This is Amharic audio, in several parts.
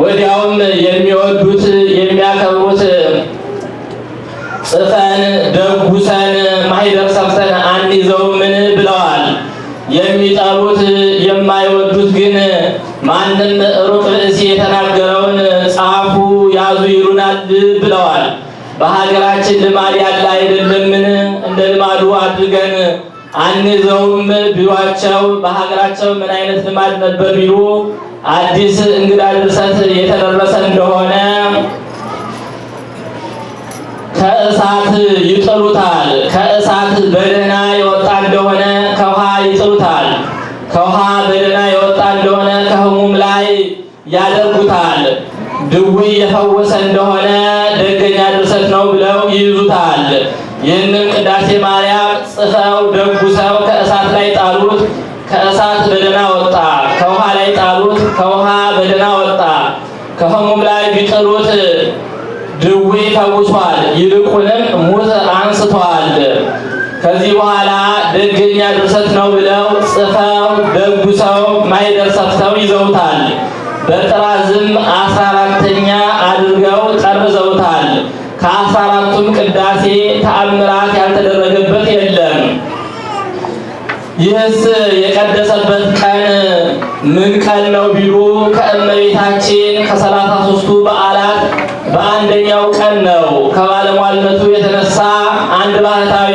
ወዲያውም የሚወዱት የሚያከብሩት ጽፈን ደጉሰን ማይደር ሰብሰን አንይዘው ምን ብለዋል። የሚጠሉት የማይወዱት ግን ማንም ሩቅ ርእሲ የተናገረውን ጻፉ ያዙ ይሉናል ብለዋል። በሀገራችን ልማድ ያለ አይደለምን? እንደ ልማዱ አድርገን አንይዘውም ቢሏቸው በሀገራቸው ምን አይነት ልማድ ነበር ቢሉ አዲስ እንግዳ ድርሰት የተደረሰ እንደሆነ ከእሳት ይጥሉታል። ከእሳት በደህና የወጣ እንደሆነ ከውሃ ይጥሉታል። ከውሃ በደህና የወጣ እንደሆነ ከህሙም ላይ ያደርጉታል። ድዊ የፈወሰ እንደሆነ ደገኛ ድርሰት ነው ብለው ይይዙታል። ይህንን ቅዳሴ ማርያም ጽፈው ደጉ ሰው ከእሳት ላይ ጣሉት፣ ከእሳት በደህና ወጣ። ከውሃ ላይ ጣሉት፣ ከውሃ በደህና ወጣ። ከህሙም ላይ ቢጥሉት ድዌ ፈውሷል፣ ይልቁንም ሙት አንስቷል። ከዚህ በኋላ ደገኛ ድርሰት ነው ብለው ጽፈው ደጉ ሰው ማይደርሰት ሰው ይዘውታል። በጥራዝም አስራ አራተኛ አድርገው ጠርዘውታል። ከአስራ አራቱም ቅዳሴ ተአምራት ያልተደረገ ይህስ የቀደሰበት ቀን ምን ቀን ነው ቢሉ ከእመቤታችን ከሰላሳ ሶስቱ በዓላት በአንደኛው ቀን ነው። ከባለሟልነቱ የተነሳ አንድ ባህታዊ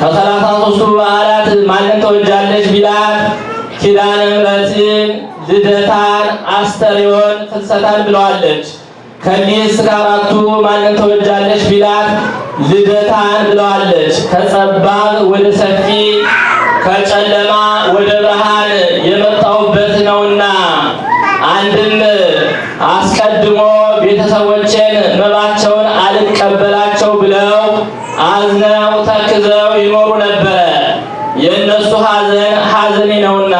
ከሰላሳ ሶስቱ በዓላት ማንን ተወጃለች ቢላት ኪዳነ ምሕረትን፣ ልደታን፣ አስተርዮን፣ ፍልሰታን ብለዋለች። ከኒስ ከአራቱ ማንን ተወጃለች ቢላት ልደታን ብለዋለች። ከጸባብ ወደ ሰፊ ከጨለማ ወደ ብርሃን የመጣሁበት ነውና አንድም አስቀድሞ ቤተሰቦቼን መባቸውን አልቀበላቸው ብለው አዝነው ተክዘው ይኖሩ ነበረ። የእነሱ ሐዘን ሐዘኔ ነውና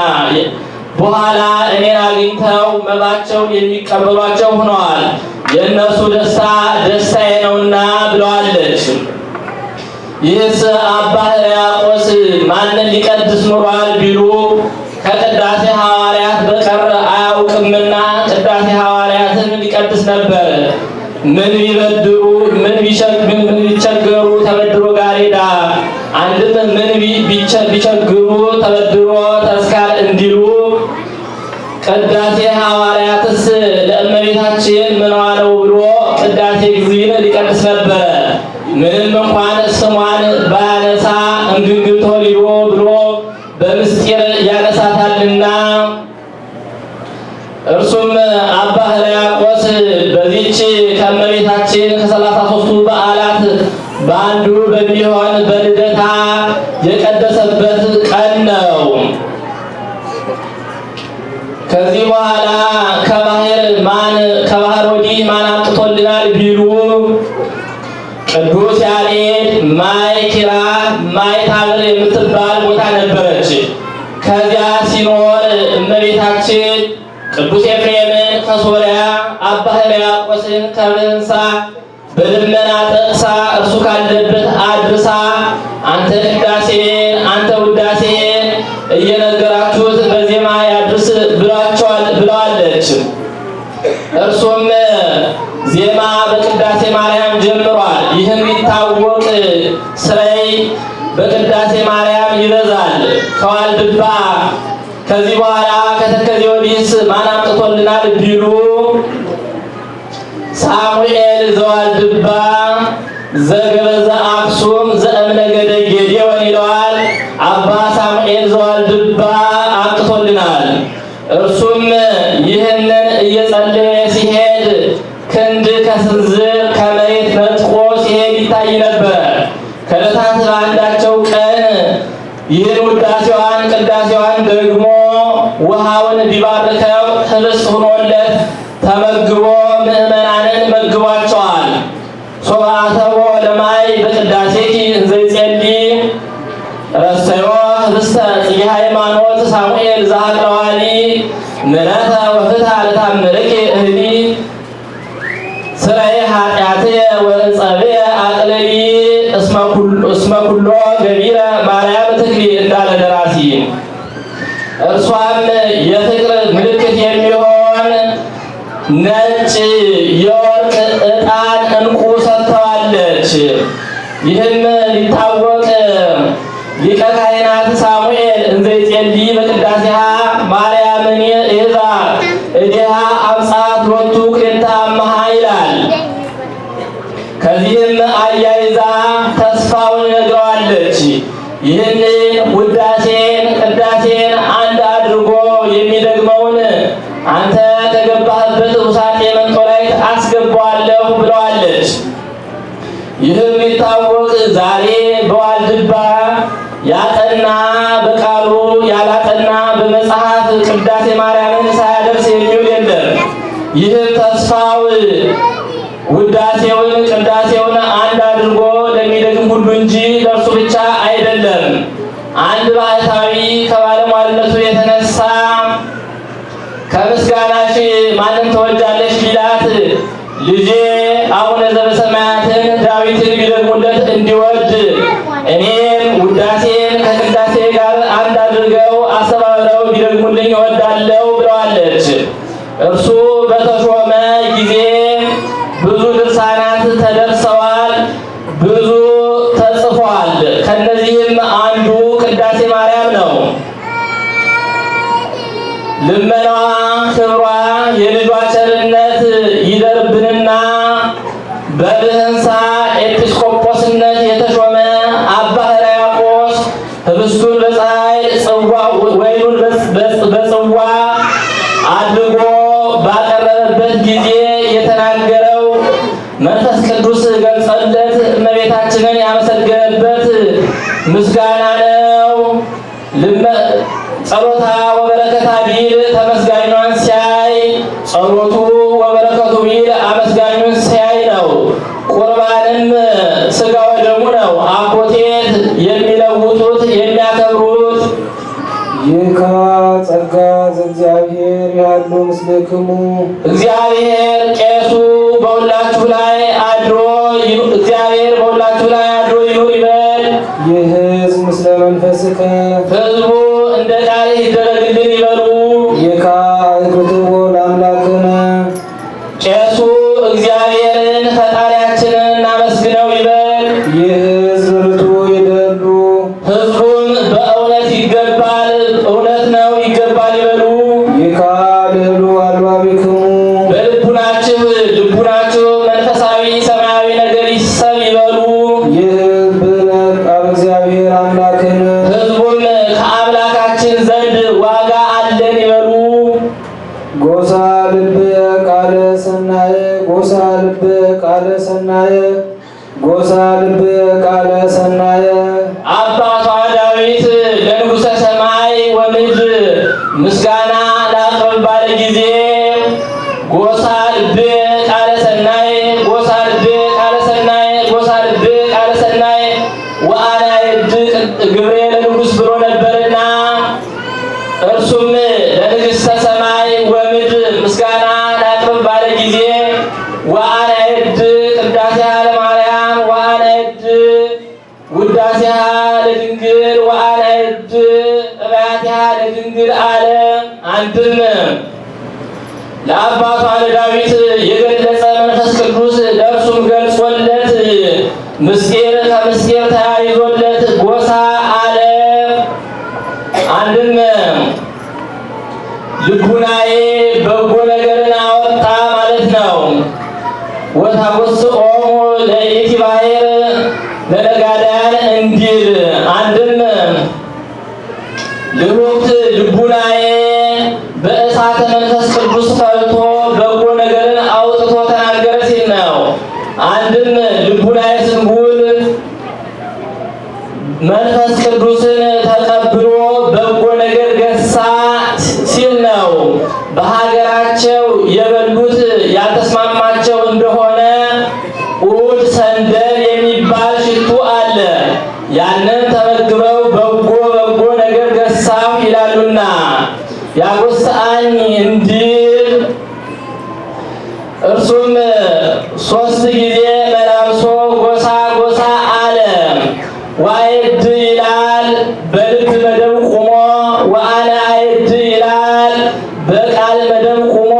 በኋላ እኔን አግኝተው መባቸውን የሚቀበሏቸው ሆነዋል። የእነሱ ደስታ ደስታዬ የለችም። ይህስ አባ ሕርያቆስ ማንን ሊቀድስ ኑሯል ቢሉ ከቅዳሴ ሐዋርያት በቀር አያውቅምና ቅዳሴ ሐዋርያትን ሊቀድስ ነበር? ምን ቢበድሩ ምን ቢቸገሩ ተበድሮ ጋሬዳ አንድም ምን ቢቸግሩ ተበድሮ ተስካር እንዲሉ ቅዳሴ ሐዋርያትስ ለእመቤታችን ምንዋለው ብሎ ቅዳሴ ጊዜ በኋላ ከባህር ማን ከባህር ወዲህ ማን አምጥቶልናል ቢሉ ቅዱስ ያሬድ ማይ ኪራ ማይ ታብር የምትባል ቦታ ነበረች። ከዚያ ሲኖር እመቤታችን ቅዱስ ኤፍሬምን ከሶሪያ አባ ሕርያቆስን ከብህንሳ በልመና ጠቅሳ እርሱ ካለበት አድርሳ አንተ ቅዳሴን አንተ ውዳሴን እየነገራችሁት አልቻለችም። እርሱም ዜማ በቅዳሴ ማርያም ጀምሯል። ይህም ይታወቅ ስራይ በቅዳሴ ማርያም ይበዛል። ከዋልድባ ከዚህ በኋላ ከተከዜ ወዲህስ ማን አምጥቶልናል ቢሉ ሳሙኤል ዘዋልድባ ዘገበዘ አክሱም ዘእምነገደ ጌዴዎን ይለዋል። አባ ሳሙኤል ዘዋልድባ አምጥቶልናል። እርሱም ሥጋውን ቢባርከው ኅብስት ሆኖለት ተመግቦ ምእመናንን መግቧቸዋል። ሶብአተቦ ለማይ በቅዳሴኪ እንዘ ይጸልይ ረስተዮ የሃይማኖት ጽጌ ሃይማኖት ሳሙኤል ዛቅረዋሊ ምረተ ወፍታ ለታምርኪ እህሊ ስራዬ ኃጢአትየ ወዕጸብየ አቅልዪ እስመ ኩሎ ገቢረ ማርያም ትክሊ እንዳለ ደራሲ እርሷም ነጭ የወርቅ ዕጣን እንቁ ሰጥተዋለች። ይህም ሊታወቅ ሊቀ ካህናት ሳሙኤል እንዘ በቅዳሴሃ ማርያምን እዛ እዲሃ አምጻት ወቱ ክልተ አምሃ ይላል። ከዚህም አያይዛ ተስፋውን ነግረዋለች። ይህን አስገባዋለሁ ብለዋለች። ይህም ይታወቅ ዛሬ በዋልድባ ያጠና በቃሉ ያላጠና በመጽሐፍ ቅዳሴ ማርያምን ሳያደርስ የሚውል የለም። ይህም ተስፋው ውዳሴውን ቅዳሴውን አንድ አድርጎ ለሚደግም ሁሉ እንጂ ለእርሱ ብቻ አይደለም። አንድ ባህታዊ ከባለሟልነቱ የተነሳ ከምስጋናሽ ማንም ተወዳ ልመናዋ ጸሎታ ወበረከታ ቢል ተመስጋኟን ሲያይ ጸሎቱ ወበረከቱ ቢል አመስጋኙን ሲያይ ነው። ቁርባንም ስጋ ወደሙ ነው። አኮቴት የሚለውጡት የሚያከብሩት ይካ ጸጋ ዘእግዚአብሔር ያሉ ምስልክሙ እግዚአብሔር ቄሱ በሁላችሁ ላይ አድሮ እግዚአብሔር በሁላችሁ ላይ አድሮ ይኑር ይበል ይህ በመንፈስከ ህዝቡ እንደ ቃልህ ይደረግልን ይበሉ። እሳተ መንፈስ ቅዱስ ፈልቶ በጎ ነገርን አውጥቶ ተናገረ ሲል ነው። አንድም ልቡናዬ ስንጉል መንፈስ ቅዱስን ተቀብሎ በጎ ነገር ገሳ ሲል ነው። በሀገራቸው የበሉት ያልተስማማቸው እንደሆነ ኡድ ሰንደል የሚባል ሽቱ አለ። ያንን ተመግበው በጎ በጎ ነገር ገሳሁ ይላሉና ያጎሰአኝ እንዲል እርሱም ሶስት ጊዜ መላምሶ ጎሳ ጎሳ አለ። ዋይድ ይላል በልብ መደብ ቁሞ፣ ወአለ አይድ ይላል በቃል መደብ ቁሞ።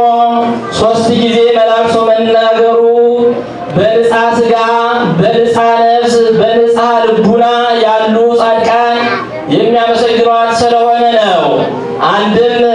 ሶስት ጊዜ መላምሶ መናገሩ በንጻ ስጋ፣ በንጻ ነፍስ፣ በንጻ ልቡና ያሉ ጻድቃን የሚያመሰግኗት ስለሆነ ነው። and then uh,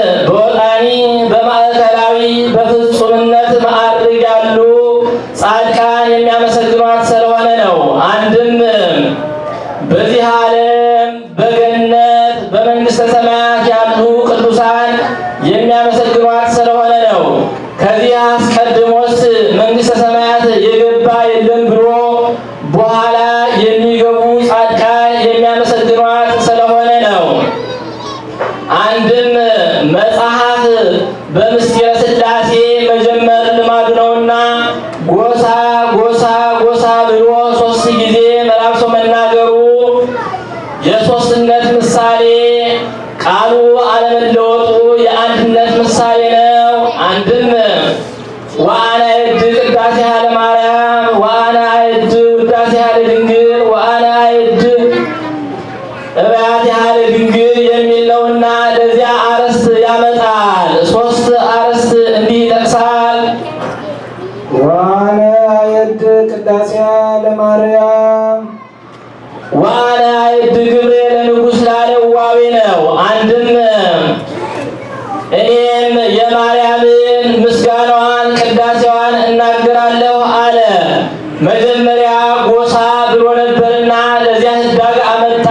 መጀመሪያ ጎሳ ብሎ ነበርና ለዚያ ህዳግ አመጣ።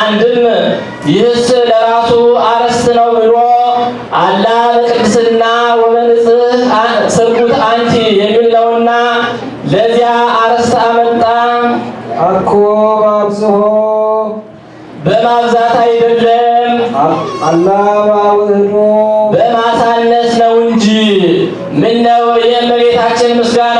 አንድም ይህስ ለራሱ አርዕስት ነው ብሎ አላ በቅድስና ወበንጽህ ስርጉት አንቺ የሚል ነውና ለዚያ አርዕስት አመጣ። አኮ ባብዝሆ በማብዛት አይደለም አላ ባውህዶ በማሳነስ ነው እንጂ ምነው የእመቤታችን ምስጋና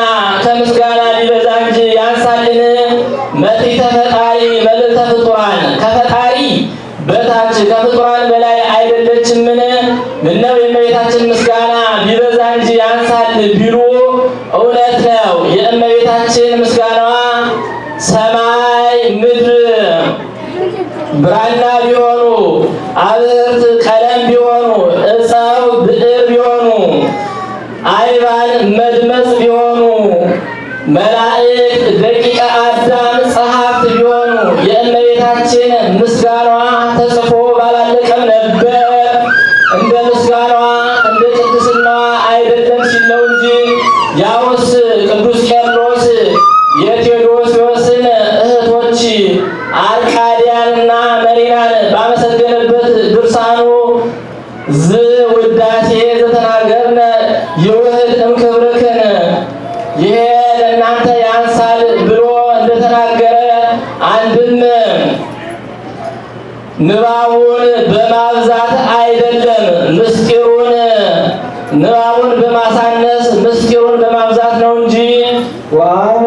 የተገለገለበት ድርሳኑ ዝውዳሴ ዘተናገርነ ይውህድ እምክብርክን ይሄ ለእናንተ ያንሳል ብሎ እንደተናገረ አንድም ንባቡን በማብዛት አይደለም፣ ምስጢሩን ንባቡን በማሳነስ ምስጢሩን በማብዛት ነው እንጂ